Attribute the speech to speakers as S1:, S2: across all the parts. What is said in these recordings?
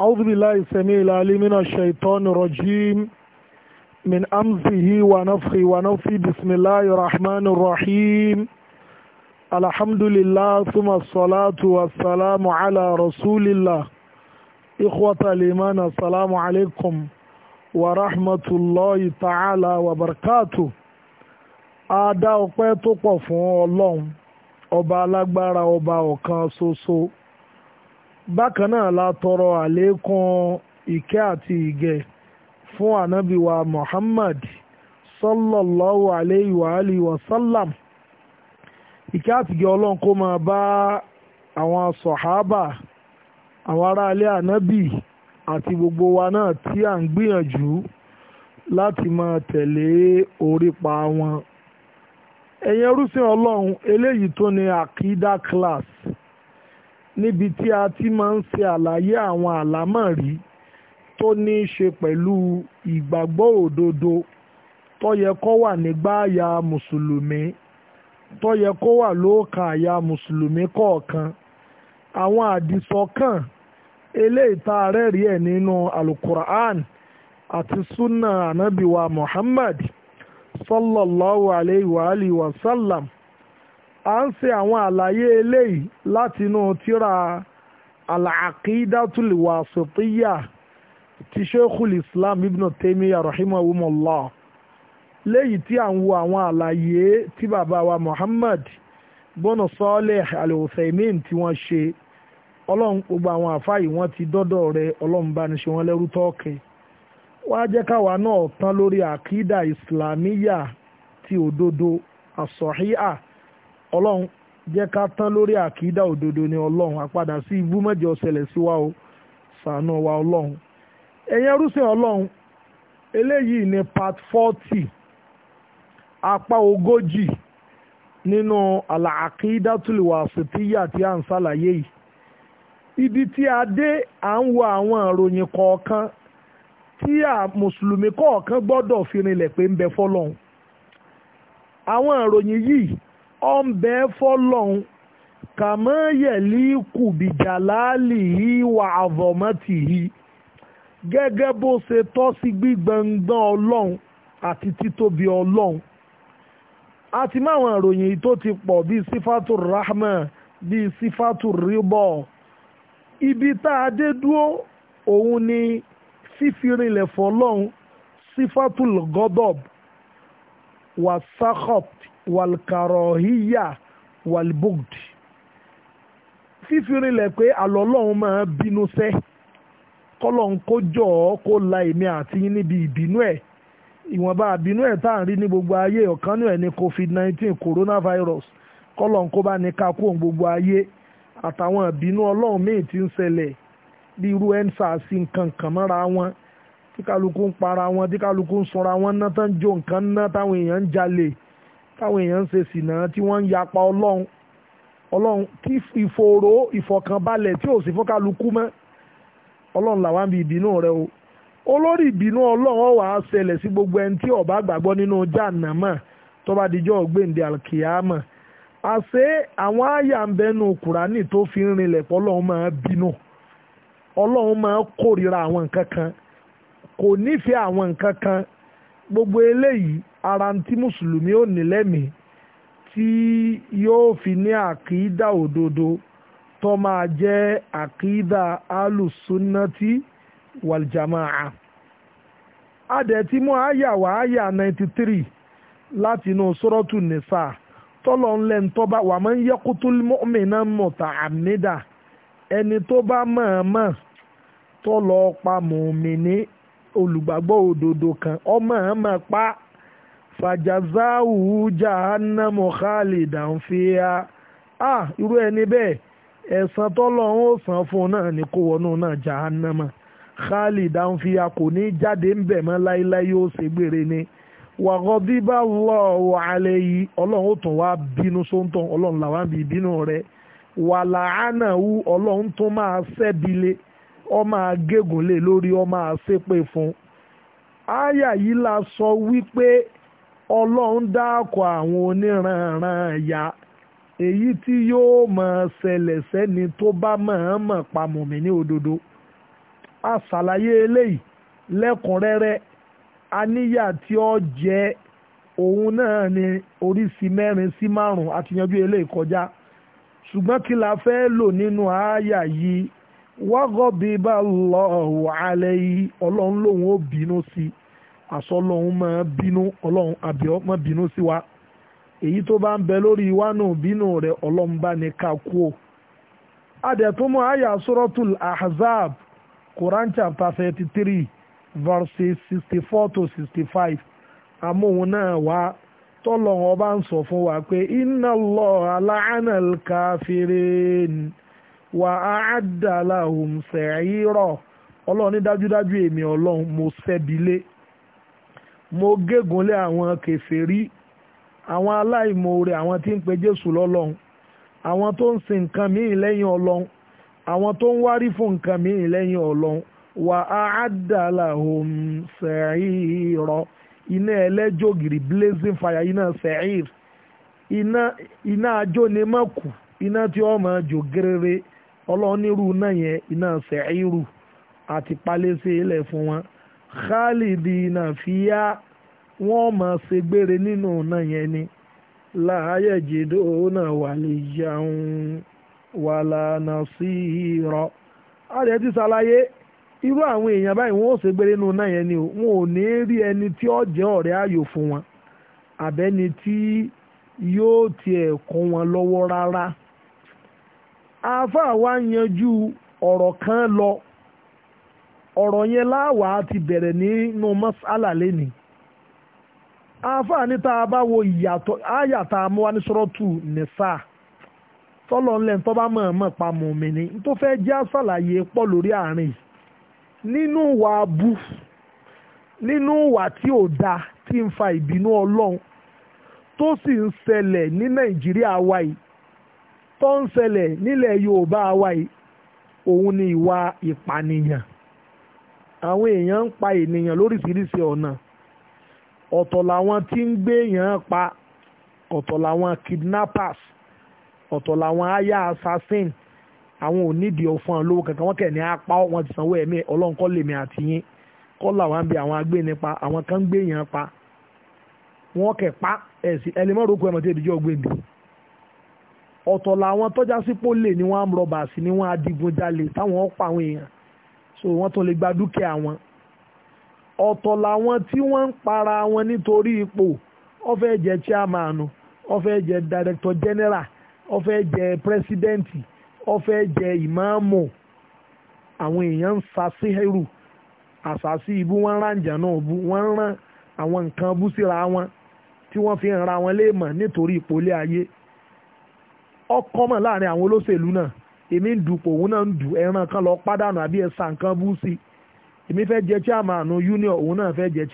S1: أعوذ بالله السميع العليم من الشيطان الرجيم من أمسه ونفخه ونفخه بسم الله الرحمن الرحيم الحمد لله ثم الصلاة والسلام على رسول الله إخوة الإيمان السلام عليكم ورحمة الله تعالى وبركاته a dá ọpẹ́ tó أبا fún ọlọ́run ọba alágbára ọba bákan náà la tọrọ àlékún ìkẹ́ àti ìgẹ̀ fún ànábì wa Muhammad sallallahu alayhi wa alihi wa sallam ìkẹ́ àti ìgẹ̀ ọlọ́run kó máa bá àwọn sọ̀hábà àwọn aráalé ànábì àti gbogbo wa náà tí à ń gbìyànjú láti máa tẹ̀lé orípa wọn ẹ̀yin ẹrúsìn ọlọ́run eléyìí tó ní akida class níbi tí a ti máa ń ṣe àlàyé àwọn àlámọ̀rí tó ní í ṣe pẹ̀lú ìgbàgbọ́ òdodo tó yẹ kó wà nígbà àyà mùsùlùmí tó yẹ kó wà lóòkà àyà mùsùlùmí kọ̀ọ̀kan àwọn àdìsọ́kàn eléyìí tá a rẹ́rí ẹ̀ nínú alukur'an àti sunna anabiwa muhammad sallallahu alayhi wa sallam. a ń se àwọn àlàyé eléyìí láti inú tíra al-aqidatul wasitiyya ti sheikhul islam ibn taymiyyah rahimahumullah léyìí tí à ń wo àwọn àlàyé tí bàbá wa muhammad bọ́nà sọ́ọ́lẹ̀ al tí wọ́n ṣe ọlọ́run gbogbo àwọn ti dọ́dọ̀ rẹ ọlọ́run bá ní ṣe wọ́n lẹ́rú wọ́n á jẹ́ káwa náà tán ti òdodo ọlọ́run jẹ́ ká tán lórí àkídà òdodo ni ọlọ́run àpadà sí ibú mẹ́jọ ṣẹlẹ̀ sí wa o ṣàánú wa ọlọ́run ẹ̀yẹn rúṣin ọlọ́run eléyìí ni part forty apá ogójì nínú àlàákídà tùlùwàsítíyà tí à ń ṣàlàyé yìí ibi tí a dé à ń wo àwọn ìròyìn kọ̀ọ̀kan tí a mùsùlùmí kọ̀ọ̀kan gbọ́dọ̀ fi rinlẹ̀ pé ń bẹ fọ́lọ́run àwọn ìròyìn yìí ọ ń bẹ fọ́lọ́hún kàmọ́ yẹ̀lí kùbìjàláàlì yìí wà àvọ̀mọ́tì yìí gẹ́gẹ́ bó ṣe tọ́ sí gbígbọ̀ngbọ̀n ọlọ́run àti títóbi ọlọ́run a ti máwọn ìròyìn yìí tó ti pọ̀ bíi sífàtù rahman bíi sífàtù ribọ ibi tá a dé dúró òun ni fífirinlẹ̀ fọlọ́run sífàtù gọ́dọ̀b wà wàlkàrọ̀híyà wàlbogd fífi rinlẹ̀ pé àlọ́lọ́run máa bínú sẹ́ kọ́lọ́n kó jọ ọ́ kó la èmi àti yín níbi ìbínú ẹ̀ ìwọ̀nba àbínú ẹ̀ tá à ń rí ní gbogbo ayé ọ̀kan náà ní covid-19 coronavirus kọ́lọ́n kó bá ní kakú òun gbogbo ayé àtàwọn ìbínú ọlọ́run míì ti ń ṣẹlẹ̀ bí irú ẹ̀ńsà sí nǹkan kan mọ́ra wọn tí kálukú ń para wọn tí kálukú ń sunra wọn ná tán jó nǹkan ná táwọn èèyàn ń jalè táwọn èèyàn ṣe sìnà tí wọ́n ń yapa ọlọ́run ọlọ́run kí ìfòòró ìfọ̀kànbalẹ̀ tí ò sí fún kálukú mọ́ ọlọ́run làwọn bí ìbínú rẹ o olórí ìbínú ọlọ́run wà á ṣẹlẹ̀ sí gbogbo ẹni tí ọba gbàgbọ́ nínú jàǹnàmà tó bá dijọ́ gbèǹde alkiyama àṣé àwọn àyà ń bẹnu kùránì tó fi ń rinlẹ̀ pọ̀ ọlọ́run máa bínú ọlọ́run máa àwọn nǹkan kan kò nífẹ̀ẹ́ àwọn nǹkan kan gbogbo eléyìí ara ń tí mùsùlùmí ò ní lẹ́mìí tí yóò fi ní àkídà òdodo tó máa jẹ́ àkídà alùsùnàtì wàlìjàmáà adẹ̀tí mú àyà wà àyà 93 lati inú sọ́rọ́tù nìsà tọ́lọ̀ ntọba ńtọ́ba wà máa ń yẹ́kútú mọ́mìnà mọ̀tà àmìdá ẹni tó bá mọ̀ọ́mọ̀ tọ́lọ̀ pa olùgbàgbọ́ òdodo kan ọmọ ẹ̀ máa pa fàjàzáwù jahannamu khalidan fiha a irú ẹni bẹ́ẹ̀ ẹ̀san tọ́lọ́run ó san fún un náà ní kó wọnú náà jahannama khalidan fiha kò ní jáde ń bẹ̀ mọ́ láíláí yóò ṣègbére ni wàgọ́díbà lọ́wọ́ alẹ́ yìí ọlọ́run ó tún wá bínú sóńtàn ọlọ́run làwọn àbí ìbínú rẹ̀ wàlàánà ọlọ́run tún máa ṣẹ́bi lé ọ máa gégùn lé lórí ọ máa ṣépè fún un yìí la sọ wípé ọlọ́run dáàkọ̀ àwọn onírànràn ẹ̀yà èyí tí yóò máa ṣẹlẹ̀ sẹ́ni tó bá mọ̀ọ́mọ̀ pa mọ̀mí ní òdodo a ṣàlàyé eléyìí lẹ́kùnrẹ́rẹ́ aníyà tí ó jẹ́ òun náà ni oríṣi mẹ́rin sí márùn-ún àti yanjú eléyìí kọjá ṣùgbọ́n kí la fẹ́ lò nínú àáyà yìí wagọ́bíbá lọ́hùn alẹ́ yìí ọlọ́run lòun ó bínú sí àṣọ lòun máa bínú wa èyí tó bá bẹ lórí wa náà bínú rẹ̀ ọlọ́run bá ní ká kú o. ahzab quran chapter thirty three sixty four to sixty náà wá ọba ń sọ fún wa pé wà á àdàlà òun sẹ̀yìnrọ̀ ọlọ́run ní dájúdájú èmi ọlọ́run mo ṣẹ́bilé mo gégúnlé àwọn kèfèrí àwọn aláìmoore àwọn tí ń pe jésù lọ́lọ́run àwọn tó ń sin nǹkan míì lẹ́yìn ọlọ́run àwọn tó ń wárí fún nǹkan míì lẹ́yìn ọlọ́run wà á àdàlà òun sẹ̀yìnrọ̀ iná ẹlẹ́jọ́ gìrì blazing fire iná sẹ̀yìnr iná iná ajónemọ́kù iná tí ó máa jó gerere ọlọ́nirú náà yẹn iná sẹ̀ẹ́rù àti palẹ́sẹ̀ ilẹ̀ fún wọn khalidi iná fíyà wọ́n máa ṣe gbére nínú náà yẹn ni láàyè jèdó náà wà lè jẹun wà lànà sí irọ́. a lè ti ṣàlàyé irú àwọn èèyàn báyìí wọn ò ṣe gbére nínú náà yẹn ni o wọn ò ní rí ẹni tí ó jẹ́ ọ̀rẹ́ ayò fún wọn àbẹ́ni tí yóò tiẹ̀ kún wọn lọ́wọ́ rárá Afa wa yanjú ọ̀rọ̀ kan lọ ọ̀rọ̀ yẹn láwà á ti bẹ̀rẹ̀ nínú mọ́sálà lẹ́ni àáfàá níta bá wo ìyàtọ̀ àyàtà amúwa ní sọ́rọ́tù nìsà tọ́lọ̀ ńlẹ̀ tó bá mọ̀ mọ̀ pa mọ̀mí ni tó fẹ́ jẹ́ àṣàlàyé pọ̀ lórí àárín nínú ìwà abú nínú ìwà tí ò dáa tí ń fa ìbínú ọlọ́run tó sì ń ṣẹlẹ̀ ní nàìjíríà wa tó ń ṣẹlẹ̀ nílẹ̀ Yorùbá wa yìí òun ni ìwà ìpànìyàn àwọn èèyàn ń pa ènìyàn lóríṣiríṣi ọ̀nà ọ̀tọ̀ làwọn tí ń gbé èèyàn pa ọ̀tọ̀ làwọn kidnappers ọ̀tọ̀ làwọn aya assassin àwọn onídìí ọ̀fọ́n lówó kankan wọ́n kẹ̀ ní apá wọn ti sanwó ẹ̀mí ọlọ́run kọ́ lèmi àti yín kọ́ làwọn ń bi àwọn agbénipa àwọn kan ń gbé èèyàn pa wọ́n kẹ̀ pa ẹ̀sìn ẹlẹ́mọ̀ròkú ẹ̀mọ́tẹ́ ìdíjọ́ gbèǹdé ọ̀tọ̀ làwọn tọ́já sí pólè ni wọ́n á rọ̀bà sí ni wọ́n á digunjalè táwọn ọ̀pọ̀ àwọn èèyàn so wọ́n tó lè gba dúkìá wọn ọ̀tọ̀ làwọn tí wọ́n ń para wọn nítorí ipò ó jẹ́ chairman ó jẹ́ director general ó fẹ́ jẹ́ president ó fẹ́ jẹ́ ìmáàmù àwọn èèyàn ń sa síhẹ́rù àsàsí ibú wọ́n rán ìjà náà bú wọ́n rán àwọn nǹkan bú síra wọn tí wọ́n fi ń ra wọn léèmọ̀ nítorí ipò ilé ayé ọkọ mọ̀ láàrin àwọn olóṣèlú náà èmi ń dupò òun náà ẹran kan lọ pádànù àbí sa nǹkan bú sí i èmi fẹ́ jẹ union òun náà fẹ́ jẹ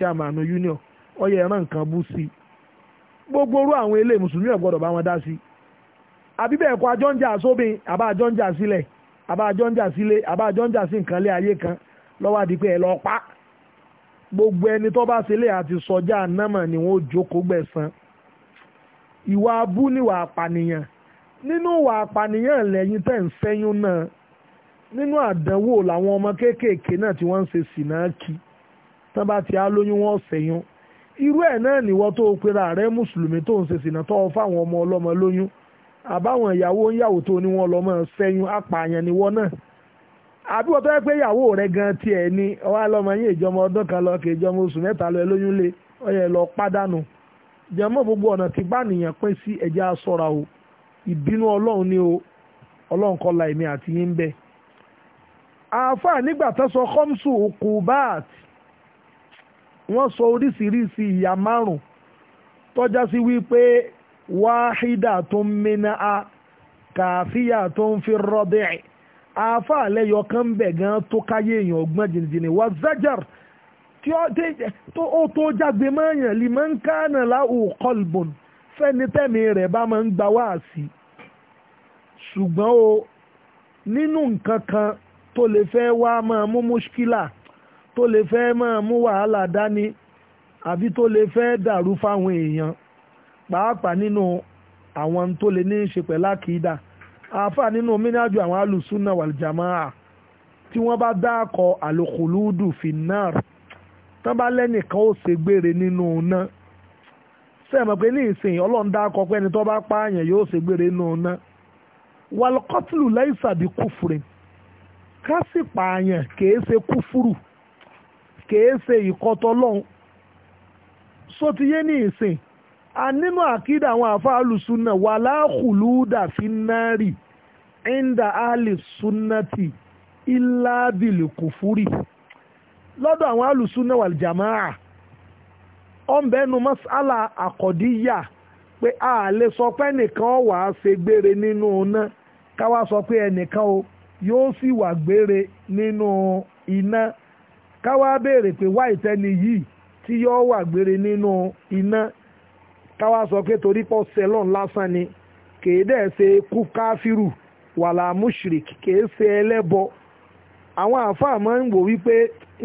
S1: union ọyẹ ẹran nǹkan bú sí i gbogbo orú àwọn ilé mùsùlùmí ò gbọ́dọ̀ bá wọn dá sí i àbí bẹ́ẹ̀ kọ́ sóbìn pa gbogbo ẹni tó bá sílé àti sọjá ni wọ́n jókòó ìwà nínú ìwà àpànìyàn lẹ́yìn tẹ́ ń fẹ́yún náà nínú àdánwò làwọn ọmọ kéékèèké náà tí wọ́n ń ṣe sì náà kí tán bá ti á lóyún wọ́n ṣẹ́yún irú ẹ̀ náà nìwọ tó o pera rẹ mùsùlùmí tó ń ṣe sì náà tọ́ fáwọn ọmọ ọlọ́mọ lóyún àbáwọn ìyàwó ńyàwó tó ní wọn lọ ṣẹ́yún apààyàn ni wọ́n náà àbí wọ́n tó yẹ pé ìyàwó rẹ gan tiẹ̀ ni ọwọ́ àlọ́mọ yín ìjọmọ ọdún kan lọ kì í jọmọ oṣù mẹ́ta lọ lóyún lé ọyẹ lọ pádànù jẹmọ́ gbogbo ọ̀nà tí bá nìyàn pín sí ẹ̀jẹ̀ aṣọ́ra o ìbínú ọlọ́run ni o ọlọ́run kọ́ la èmi àti yín bẹ́ẹ̀. àáfàá nígbà tó sọ kọ́msù kubat wọ́n sọ oríṣiríṣi ìyà márùn-ún tọ́já sí wípé wáhídà tó ń mena a kàfíyà tó ń fi rọ́bẹ̀ àáfàá lẹ́yọ kan bẹ̀ gan tó káyé èèyàn ọgbọ́n jìnnìjìnnì wà zájàr tí ó tó jágbe mọ́yàn lè máa ń kánà láwù fẹ́ni tẹ́mi rẹ̀ bá máa ń gba wáàsí ṣùgbọ́n o nínú nǹkan kan tó lè fẹ́ wá máa mú mùṣkílà tó lè fẹ́ máa mú wàhálà dání àbí tó lè fẹ́ dàrú fáwọn èèyàn pàápàá nínú àwọn tó lè ní í ṣe pẹ̀lú àkìdá àáfà nínú mínájú àwọn alùsùnà wàlìjàmáà tí wọ́n bá dáàkọ̀ àlòkùlùdù finnar tán bá lẹ́nìkan ó ṣe gbére nínú náà sẹ́ẹ̀mọ̀ pé ní ìsìn ọlọ́run dáàkọ̀ pé ẹni tó bá pààyàn yóò ṣe gbére nínú náà wàlùkọ́tìlù láìsàbí kúfùrẹ́ ká sì pààyàn kèé ṣe kúfùrù kèé ṣe ìkọtọ́lọ́hún sótìyé ní ìsìn a nínú àkídà àwọn àfáàlù súnà wà láàkùlùdà fi náàrì ẹ̀ńdà àlè súnàtì ìlàbìlì kùfúrì lọ́dọ̀ àwọn alùsùnà wà jàmáà ọ̀nbẹ́nu mas'ala àkọ́díyà pé a lè nìkan wà á ṣe gbére nínú iná káwá sọ pé ẹnìkan o yóò sì wà gbére nínú iná káwá béèrè pé wá yi yìí tí yóò wà gbére nínú iná káwá sọ pé torí pọ̀ sẹ́lọ̀n lásán ni kèé dẹ̀ ṣe kú káfíru wàlà mushrik kèé ṣe ẹlẹ́bọ àwọn àáfàá máa ń wò wípé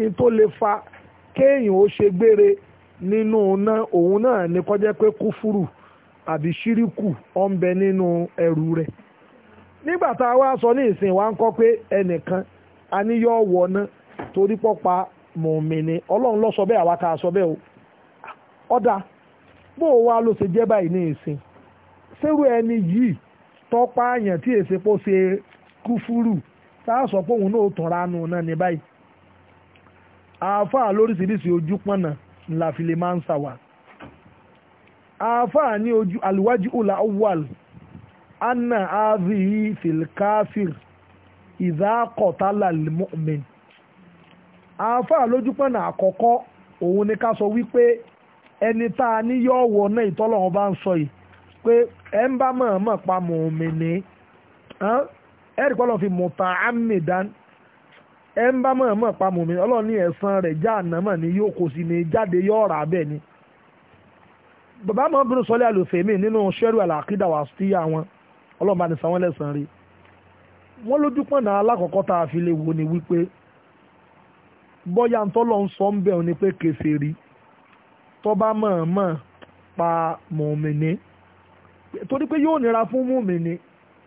S1: n tó lè fa kéèyàn ó ṣe gbére nínú iná òun náà ní kọjá pé kúfúrù àbí ṣíríkù ó nínú ẹrù nígbà tá a wá sọ wa ń kọ́ pé ẹnìkan a ní yọ ọ̀wọ́ náà torí pọ́pa mọ̀mìnì ọlọ́run ló bẹ́ẹ̀ àwa sọ bẹ́ẹ̀ o ọ̀dà bó o wá ló ṣe jẹ́ báyìí ní ìsìn sẹ́rù ẹni yìí tọ́pá àyàn tí èsì pọ̀ ṣe tá a sọ pé òun náà tàn ránú náà ní báyìí àáfàá lóríṣiríṣi ojú pọ̀nà ńlá fi lè máa ń anna azihi fil kafir ìdá kọtàlá lmu'min àáfàá lójúpọ̀nà àkọ́kọ́ ni sọ wípé ẹni tá a ní yọ ọ̀wọ̀ náà ìtọ́lọ́wọ́n bá ń sọ yìí pé ẹ ń bá mọ̀ọ́mọ̀ pa mùmìnì ẹ̀rí pọ́lọ́ fi mùtà ámìdán ẹ ń bá mọ̀ọ́mọ̀ pa mùmìnì ọlọ́run ní ẹ̀san rẹ̀ já ni yóò kó sí ni yọ ọ̀rà bẹ́ẹ̀ ni. bàbá mọ́bìnrin sọlẹ́ àlòfèmí nínú sẹ́rù àlàkídà wà sí àwọn ọlọ́run bá ní sanwó lẹ́sàn-án rí wọ́n lójú pọ̀nà alákọ̀ọ́kọ́ tá a fi lè wò ni wípé bọ́yá ń tọ́lọ́ ń sọ ń bẹ̀ ni pé kèfèrí tọ́ba mọ̀ọ́mọ̀ pa mọ̀mìnì torí pé yóò nira fún mọ̀mìnì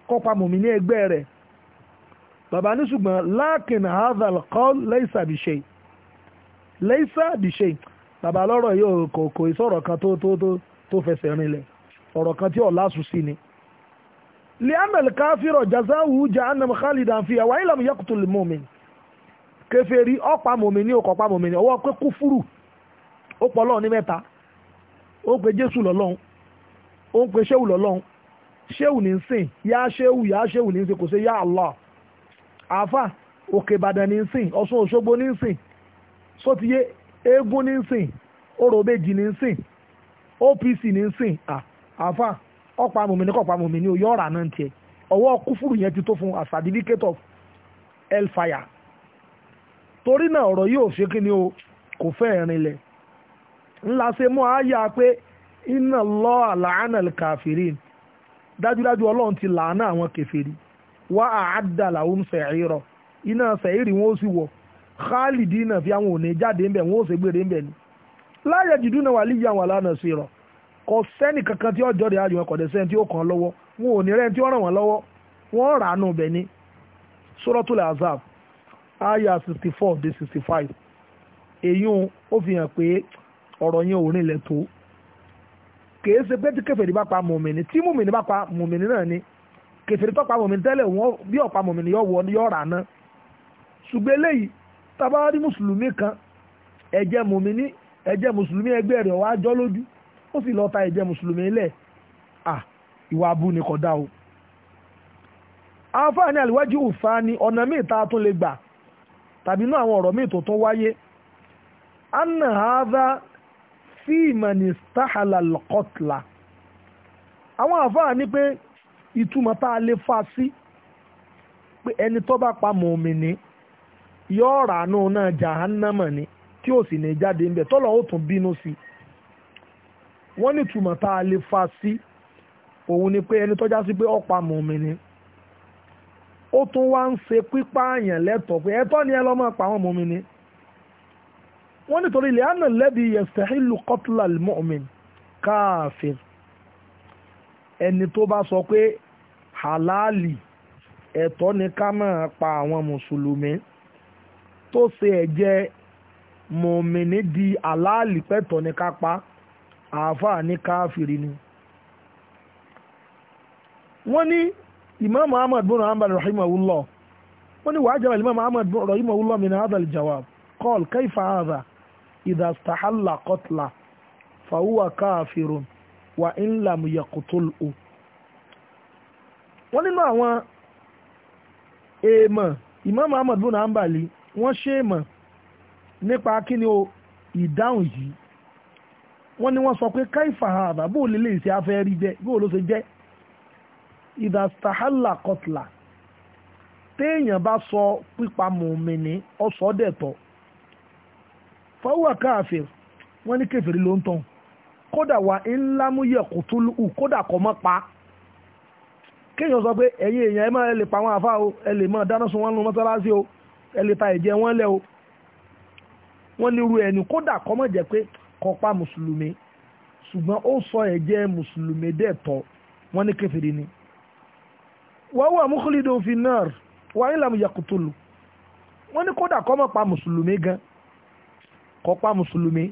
S1: kọ́ pa mọ̀mìnì ẹgbẹ́ rẹ̀ bàbá ní ṣùgbọ́n láàkìn hazel kọ́ lẹ́sà bìṣẹ́ lẹ́sà bìṣẹ́ bàbá lọ́rọ̀ yóò kò kò ìsọ̀rọ̀ kan tó tó tó fẹsẹ̀ rinlẹ̀ ọ̀rọ̀ kan tí ọ̀lá sùn sí ni. lianal káfírọ̀ jazahu jahannam khalidan fiha wa ilam yakutul mumin kèfèrí ọ̀pá mòmìnì òkọ̀pá mòmìnì ọwọ́ pé kúfúrù ó pọ̀ lọ́ọ̀ ní mẹ́ta ó pe jésù lọ́lọ́run ó ń pe ṣéwù lọ́lọ́run ṣéwù ní sìn yá ṣéwù yá ṣéwù ní sìn kò sí yá Allah àáfà òkè ìbàdàn ní sìn ọ̀ṣun òṣogbo ní sìn sótìyé eégún ní sìn orò bèjì ní sìn OPC ní sìn àáfà. Ah, ọ̀pá mòmí ní kọ̀pá mòmí ní oyọ́ ọ̀rà náà tiẹ̀ ọwọ́ kúfùrù yẹn ti tó fún a certificate of hellfire torí náà ọ̀rọ̀ yóò ṣe kí ni o kò fẹ́ rinlẹ̀ ńlá ṣe mú àáyá pé iná lọ àlàánà kàfìrí dájúdájú ọlọ́run ti làánà àwọn kẹfìrí wá àádàlà òun sẹ̀rírọ̀ iná sẹ̀rírì wọn ó sì wọ̀ khalidi náà fi àwọn òní jáde ńbẹ̀ wọn ó sì gbére ńbẹ̀ ni láyé jìdúnà wà líyà wà lánàá sí rọ̀ kò sẹ́nì kankan tí ọjọ́ rẹ̀ ayọ̀ kọ̀dẹ̀ sẹ́ni tí ó kàn lọ́wọ́ wọn ò ní rẹ́ni tí ó ràn wọ́n lọ́wọ́ wọ́n rà ánú bẹ̀ ni suratul azab aya sixty four dé sixty five èyún ó fi hàn pé ọ̀rọ̀ yẹn ò rìnlẹ̀ tó kèé ṣe pé tí kèfèrí bá pa mùmìnì tí mùmìnì bá pa mùmìnì náà ni kèfèrí tó pa mùmìnì tẹ́lẹ̀ wọ́n bí ọ̀pá mùmìnì yọ wọ yọ rà ná ṣùgbọ́n eléyìí tá bá rí mùsùlùmí kan ẹ̀jẹ̀ mùmìnì ẹ̀jẹ̀ mùsùlùmí ẹgbẹ́ rẹ̀ wá jọ lójú ó sì ìjẹ́ mùsùlùmí ìwà abú ni o. àlìwájú ni ọ̀nà míì a tún lè gbà tàbí náà àwọn ọ̀rọ̀ míì tó tún wáyé. anna hadha fi àwọn àǹfààní pé ìtumọ̀ tá a lè fa sí pé ẹni tó bá pa mọ̀ọ́mìnì yóò rà náà jahannama ni tí ò sì ní jáde ó wọ́n ní ìtumọ̀ tá a lè fa sí òun ni pé ẹni tọ́já sí pé ọ̀pá mọ̀mí ni ó tún wá ń ṣe pípààyàn lẹ́tọ̀ọ́ pé ẹ̀tọ́ ni ẹ lọ́mọ pa àwọn mọ̀mí ni wọ́n nítorí ilẹ̀ àná lẹ́bi yẹ̀sẹ̀hìlù kọ́tùlà mọ̀mí káàfin ẹni tó bá sọ pé halali ẹ̀tọ́ ni ká máa pa àwọn mùsùlùmí tó ṣe ẹ̀jẹ̀ mọ̀mí ni di halali pẹ̀tọ́ ni ká pa á àáfàá ní káfìrí ni wọ́n ní imam ahmad bin hanbal rahimahullah wọ́n ní wàá jẹ́wọ́ imam ahmad rahimahullah min hadha al-jawab qal kayfa hadha idha istahalla qatla fa huwa kafirun wa in lam yaqtulhu wọ́n nínú àwọn èèmọ̀ imam ahmad bin hanbali wọ́n ṣe èèmọ̀ nípa kí ni ìdáhùn yìí wọ́n ní wọ́n sọ pé káìfà àbá bó lè lè ṣe afẹ́ rí jẹ́ bó ló ṣe jẹ́ ìdàstàhálà kọtìlà téèyàn bá sọ pípa mùmìnì ọ̀sọ́dẹ̀tọ̀ fáwọn káàfẹ́ wọ́n ní kẹfìrí ló ń tán kódà wà ńlámúyẹ kò tó lù kódà kọ́ mọ́ pa kéèyàn sọ pé ẹ̀yin èèyàn ẹ máa lè pa àwọn àfa o ẹ lè máa dáná sun wọn lu mọ́sálásí o ẹ lè ta ẹ̀jẹ̀ wọn lẹ o wọ́n ní irú ẹni kódà kọ́ mọ́ jẹ́ pé kọpa mùsùlùmí ṣùgbọ́n ó sọ ẹ̀jẹ̀ mùsùlùmí dẹ̀ tọ́ wọ́n ní kèfèrí ni. wọ́n wà múkúlídò fi náà wọ́n ní làmúyà kùtùlù wọ́n ní kódà kọ́ mọ̀ pa mùsùlùmí gan kọpa mùsùlùmí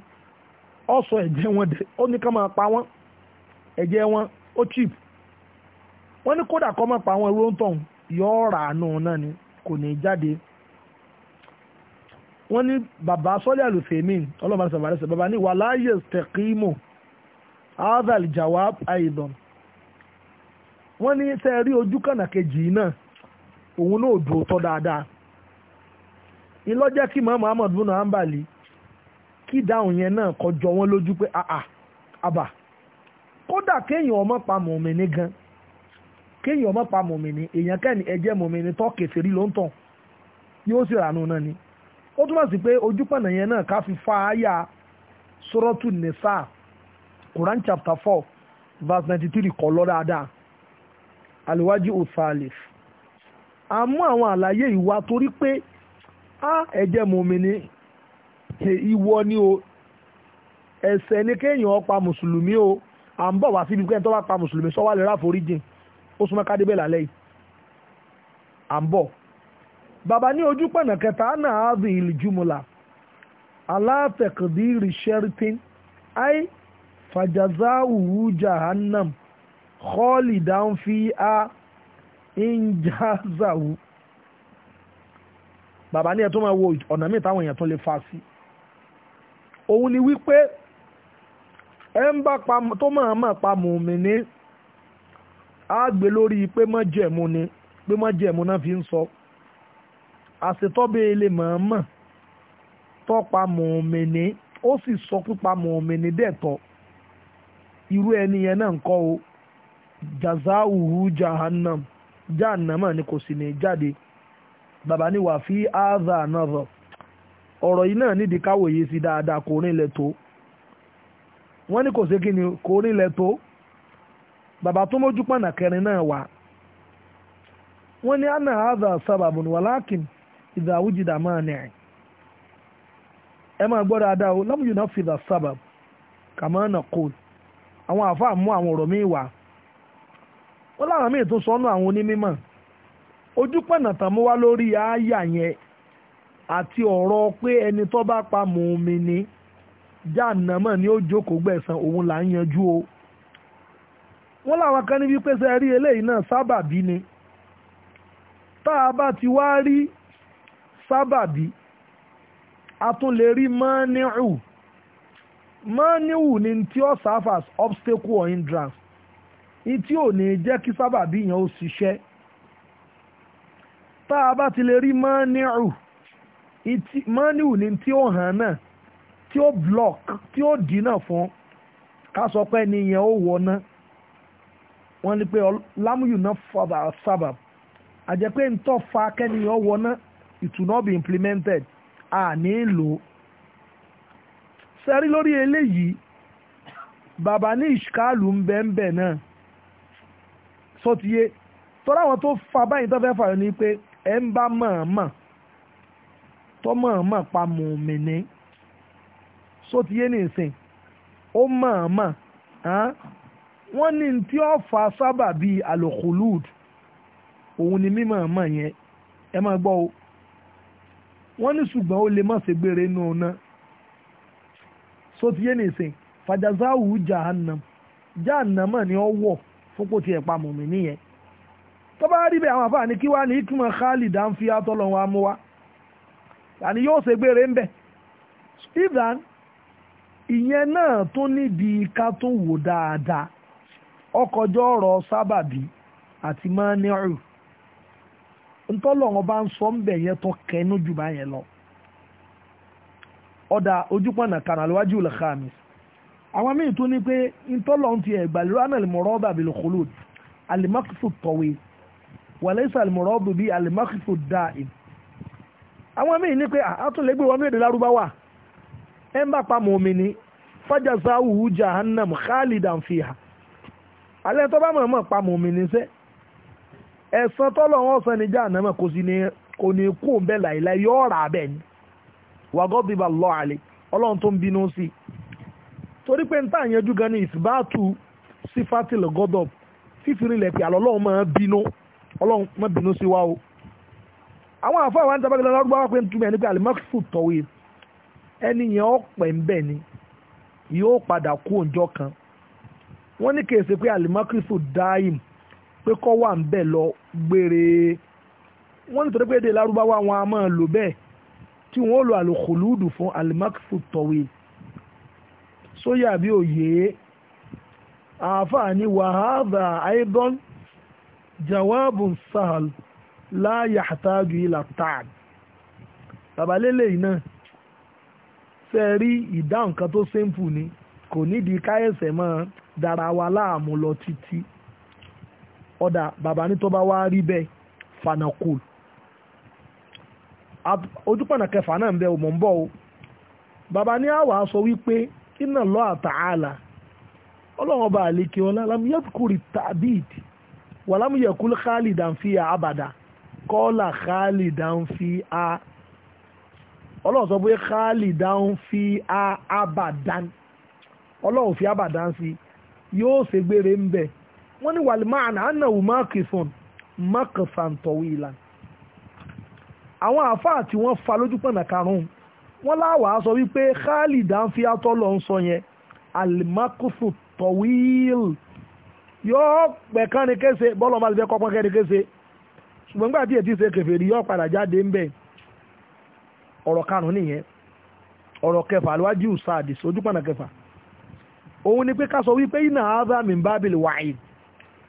S1: ó sọ ẹ̀jẹ̀ wọn dẹ̀ ó ní ká máa pa wọ́n ẹ̀jẹ̀ wọn ó chip wọ́n ní kódà kọ́ mọ̀ pa wọ́n ewúrọ́ ń tọ̀hún yọ ọ̀rà náà ni kò ní jáde wọ́n ní bàbá sọ́lẹ̀ àlùfẹ́mí ọlọ́mọdé sàbàrẹ́sẹ̀ bàbá ní wàlá yastaqimu azal jawab aidan wọ́n ní tẹ́ rí ojú kànà kejì náà òun náà dùn tọ́ dáadáa ìlọ́jẹ́ kí màmá ahmed bùnà ambali kí dáhùn yẹn náà kọjọ wọn lójú pé àà ah, ah, àbà kódà kéèyàn ọmọ pa mọ̀mìnì gan kéèyàn ọmọ pa mọ̀mìnì èèyàn kẹ́ni ẹ̀jẹ̀ mọ̀mìnì tọ́ kẹfẹ́rí ló yóò sì rànú náà ni ó túmọ̀ sí pé ojúpọ̀nà yẹn náà ká fi fa àyà sọ́rọ́tù nìsà Quran chapter four verse ninety three kọ́ lọ dáadáa àlùwájú òsàlẹ̀ a mú àwọn àlàyé ìwà torí pé a ẹ̀jẹ̀ mòmìnì ìwọ ni o ẹ̀ṣẹ̀ ni kéèyàn pa mùsùlùmí o à ń bọ̀ wá síbi pé ẹni tó bá pa mùsùlùmí sọ wá lè ráforíjìn ó súnmọ́ kádébẹ̀ lálẹ́ à ń bọ̀ bàbá ní ojú pọ̀nà kẹta náà áàbì ìlìjúmùlà alátẹ̀kọ̀dìrì sheritin ai fàjàzá òwú jahannam kọ́ọ̀lì dáńfí a injazawu bàbá ní ẹ̀tọ́ máa wo ọ̀nà míì táwọn èèyàn tó lè fa sí òun ni wípé ẹ ń bá tó máa máa pa mùmíní á gbé lórí pé pé fi ń So àṣetọ́bẹ̀ ilé mọ̀ọ́mọ̀ tọ́pa mọ̀ọ́mẹ́ni ó sì sọ pípa mọ̀ọ́mẹ́ni dẹ̀tọ́ irú ẹni yẹn náà ń kọ́ o jazauhu jahannam jahannama ni kò sì ní jáde bàbá ni wà fi áàzà náà rọ̀ ọ̀rọ̀ yìí náà nídìí káwòye sí dáadáa kò rìnlẹ̀ tó wọ́n ní kò sí kí ni kò rìnlẹ̀ tó bàbá tó mójú pànà kẹrin náà wà wọ́n ní àná ìdáwùjìdá máa nìyẹn ẹ máa gbọ́ dáadáa o lámùjù náà fi sábà nà àwọn àfa àmú àwọn ọ̀rọ̀ míì wá wọ́n láwọn míì tó sọnù àwọn onímọ̀ ojú pẹ̀nà tán lórí yẹn àti ọ̀rọ̀ pé ẹni tó bá pa ni jáànàmọ́ ni ó jókòó òun là ń o wọ́n eléyìí náà ni tá bá ti wá rí sábàbí a tún lè rí mọ́níhù mọ́níhù ni tí ó serve as obstacle or hindrance tí ò ní jẹ́ kí sábàbí yẹn ó ṣiṣẹ́ tá a bá ti lè rí mọ́níhù mọ́níhù ni tí ó hàn náà tí ó block tí ó dínà fún ká sọ pé ẹni yẹn ó wọná wọ́n ní pé lámúyù náà fọ́bà sábàbí àjẹpé ń tọ́ fa kẹ́niyàn wọná it will not be implemented a ní lò ó. sẹ́rí lórí eléyìí bàbá ní ìṣkáàlù ń bẹ́ ń bẹ̀ náà sọ́tìyé tọ́lá àwọn tó fa báyìí tó fẹ́ fààyàn ni pé ẹ̀ ń bá mọ̀ọ́mọ̀ tó mọ̀ọ́mọ̀ pa mùmìnì sọ́tìyé nìsín ó mọ̀ọ́mọ̀ wọ́n ní tí ó fa sábà bíi alokolud òun ni mímọ̀ọ́mọ̀ yẹn ẹ máa gbọ́ o. wọ́n ní ṣùgbọ́n ó lè má ṣe gbére inú ọ̀nà sotiye nìsín fàjàzáwù jahannam ni ó wọ̀ fúnpọ̀ tiẹ̀ pa mọ̀mí nìyẹn tó bá rí bẹ́ẹ̀ àwọn àfáà ní kí wá ní ìtumọ̀ ń fi àtọ́ lọ́wọ́ amúwá àní yóò ṣe gbére ń bẹ̀ stephen ìyẹn náà tó níbi ká tó wò dáadáa ọkọjọ́ ọ̀rọ̀ sábàbí àti ntọ́lọ́wọ́n bá ń sọ ń bẹ̀ yẹn tó kẹnu jù bá yẹn lọ. ọ̀dà ojúpọ̀nà kan àlùwájú lè ká mi. àwọn míì tó ní pé ntọ́lọ́wọ́n ti ẹ̀gbà lérò ànàlìmọ̀rọ́ bàbí lòkòlò alimakifu tọ̀wé wàlẹ́sà àlìmọ̀rọ́ bàbí alimakifu dáì. àwọn míì ní pé àtúnlẹ́gbẹ̀ ah, wọn ní èdè lárúbáwá ẹ̀ ń bá pa mọ̀ọ́mì ni fájà jahannam khalidan fiha alẹ́ tó bá mọ̀ọ́mọ̀ pa mọ̀ọ́mì ni sẹ́ẹ́ ẹ̀san tọ́lọ̀ wọn sàn níjà kò sí ní kò ní kú bẹ́ẹ̀ láìláì yóò rà bẹ́ẹ̀ ni wàgọ́ bíbá ọlọ́run tó ń bínú sí i torí pé àyànjú ni ìsìbáàtú sífàtì pé àlọ́ ọlọ́run máa bínú ọlọ́run máa bínú sí wa o àwọn àfọ wá pé ń túmọ̀ ẹni pé àlìmọ́kìfù ẹni yẹn ń bẹ̀ ni yóò padà kú òǹjọ́ kan wọ́n ní kèsì pé kọ́ wà ń bẹ̀ lọ gbére wọ́n nítorí pé èdè lárúbáwá wọn a máa lò bẹ́ẹ̀ tí wọ́n lo àlòkòlúùdù fún alimakifu tọ̀wé sóyà bí òye àfààní wàhálà àìdán jawabun sahal láàyè àtàjù ilà tààd babalélẹ̀ yìí náà ṣe rí ìdáhùn kan tó simple ni kò nídìí káyẹ̀sẹ̀ máa dára wa láàmú lọ títí. ọ̀dà bàbá ní tó bá wá rí bẹ́ẹ̀ fanakul ojúpọ̀nà kẹfà náà ń bẹ ọmọ ń o bàbá ní àwà sọ wípé iná lọ àtàhálà ọlọ́run ọba àlekè ọlá lámúyẹ́kùrì tàbíd wà lámúyẹ̀kú khalidan fi àbàdà kọ́là khalidan fi a sọ pé khalidan fi a àbàdàn fi yóò ṣègbére wọ́n ní wàlímáàna anáwó mákìsàn mákìsàntọ̀wìlà àwọn àáfàá tí wọ́n fa lójú pọ̀nà karùn-ún wọ́n láwàá sọ wípé khalida ń fi atọ́ lọ ń sọ yẹn alimakusu tọ̀wìl yóò pẹ̀ kán ni kése bọ́lọ̀ máa ti fẹ́ kọ́pọ́n kẹ́ni kése ṣùgbọ́n nígbà tí èyí ti ṣe kèfèrí yóò padà jáde ń bẹ̀ ọ̀rọ̀ karùn-ún nìyẹn ọ̀rọ̀ kẹfà alwájú sáàdì sójú pọ̀nà kẹfà òun ni pé ká sọ wípé iná ábà min bábìlì wáyé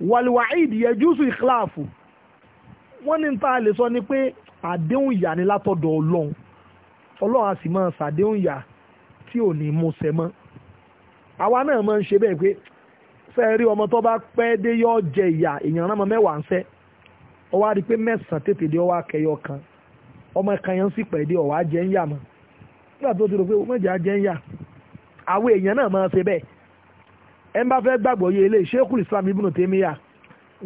S1: wàlúwàáìd yẹjúsù ìkíláàfù wọ́n ní ta lè sọ ni pé àdéhùn ìyá ni látọ̀dọ̀ ọlọ́run ọlọ́run a sì máa ṣàdéhùn ìyá tí ò ní mú ṣẹ mọ́ àwa náà máa ń ṣe bẹ́ẹ̀ pé fẹ́ rí ọmọ tó bá pẹ́ dé yọ jẹ ìyá èèyàn rán mọ́ mẹ́wàá ń sẹ́ ọ wá pé mẹ́sàn-án tètè dé ọ wá kan ọmọ kan yẹn sì pẹ̀ dé ọ̀wá jẹ́ ń yà mọ́ nígbà tó ti rò pé mẹ́jà jẹ́ ń yà àwọn èèyàn náà máa ṣe bẹ́ẹ̀ ẹ ń bá fẹ́ gbàgbọ́ yé ilé Sheikhul Islam Ibn Taymiyyah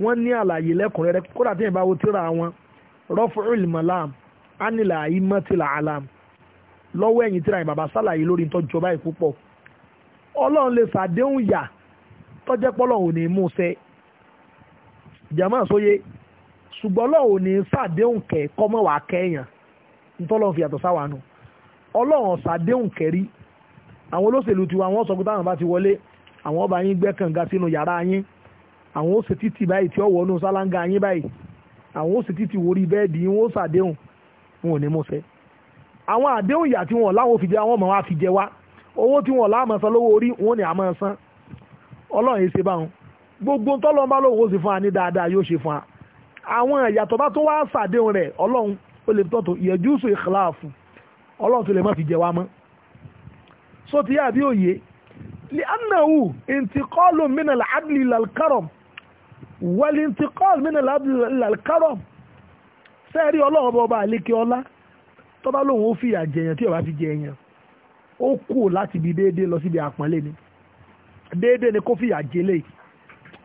S1: wọ́n ní àlàyé lẹ́kùnrẹ́rẹ́ kódà tí ìbáwo tíra wọn Raf'ul Malam anil a'immatil alam lọ́wọ́ ẹ̀yìn tíra ìbàbá sàlàyé lórí tọ́jọba ìpúpọ̀ ọlọ́run lè sàdéhùn yà tọ́jẹ́ pọ́lọ́run ò ní mú sẹ́ jàmọ́ sóye ṣùgbọ́n ọlọ́run ò ní sàdéhùn kẹ́ kọ́mọ́ wàá kẹ́yàn ntọ́lọ́run fi yàtọ̀ sáwà ọlọ́run sàdéhùn kẹ́rí àwọn olóṣèlú tiwa wọ́n sọ pé táwọn bá ti wọlé àwọn ọba yín gbẹ́ kànga sínú yàrá yín àwọn ó sì títì báyìí tí ó wọnú sálángà yín báyìí àwọn ó sì títì wórí bẹ́ẹ̀dì yín wọ́n ṣàdéhùn wọn ò ní mú ṣẹ. àwọn àdéhùn ìyà tí wọn láwọn fi àwọn ọmọ wa fi jẹ wá owó tí wọn láwọn san lówó orí wọn ni a máa san ọlọ́run yìí ṣe báwọn gbogbo tọ́lọ́mbá lòun ó sì fún wa ní dáadáa yóò ṣe fún wa àwọn ìyàtọ̀ bá tó wá ṣàdéhùn rẹ̀ لأنه انتقال من العدل إلى الكرم والانتقال من العدل إلى الكرم sẹ́ẹ̀rí ọlọ́run bọ́ba àlékè ọlá tọ́ba lòun ó fìyà jẹyàn tí ó bá fi jẹyàn ó kù láti ibi déédéé lọ síbi àpọ́nlé ni déédéé ni kó fìyà jẹlé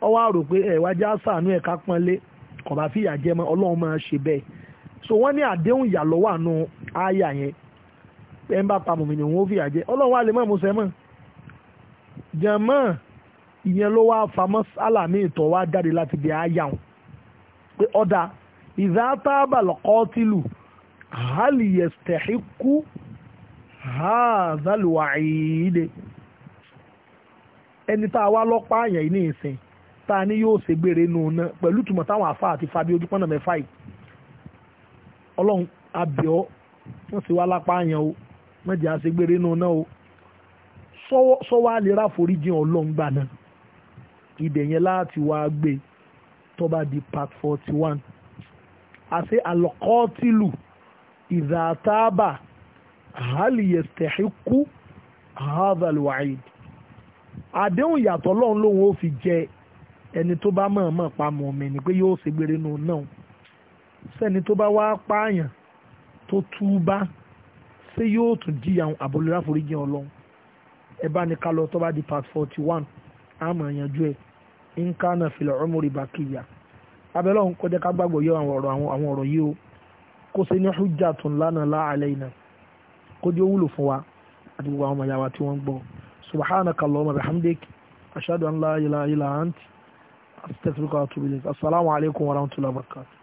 S1: ọwọ́ àrò pé ẹ̀wá já sàánú ẹ̀ka pọ́nlé kò bá fìyà jẹ mọ́ ọlọ́run máa ṣe bẹ́ẹ̀ so wọ́n ní àdéhùn ìyàlọ́wọ́ àánú àyà yẹn ẹ̀ ń bá pamọ́ mi ni òun ó fìyà jẹ ọlọ́run wa lè mọ̀ mọ́ sẹ́mọ́ jẹ̀mọ́ ìyẹn ló wá famọ́ sálàmì ìtọ̀ wá jáde láti bí àyà wọn pé ọ̀dà ìzátábà lọ́kọ́tìlù hàlìyẹ̀stẹ̀híkú hàzàlùwàìdè ẹni tá a wá lọ́pàá àyàn yìí ní ìsìn tá a ní yóò ṣe gbére nù náà pẹ̀lú ìtumọ̀ táwọn àfa àti fabi ojúpọ̀nà mẹ́fà yìí ọlọ́run abẹ́ọ́ wọ́n sì wá lápá àyàn o mẹ́jẹ̀ àṣegbére nù náà o sọ́wọ́ àlera foríjì ọlọ́ngbà náà ibẹ̀ yẹn láti wá gbé tó bá di part forty one àti alọ́kọ́tìlù ìzàtàbà àhàlìyẹ̀sẹ̀híkú àhàzàlùwàì àdéhùn ìyàtọ̀ lọ́hún lòun ó fi jẹ ẹni tó bá mọ̀ọ́mọ̀ pa mọ̀ ọ̀mẹ́ ni pé yóò ṣègbére nù náà sẹ́ni tó bá wá pààyàn tó túbá ṣé yóò tún jìyà àbòlérà foríjì ọlọ́run ẹ bá tó bá di part forty one àmọ́ ìyànjú ẹ̀ nǹkan náà fi lọ́rọ́ mórí bá kíyà abẹ́lẹ́ ọ̀hún kọjá ká gbàgbọ́ yọ àwọn ọ̀rọ̀ yìí o kó ṣe ní hujjatun lana la alayna kójú ó wúlò fún wa àti gbogbo àwọn ọmọọyà tí wọ́n gbọ́ subhanaka allahumma bihamdik ashhadu an la ilaha illa ant astaghfiruka wa atubu ilayk alaykum wa rahmatullahi wa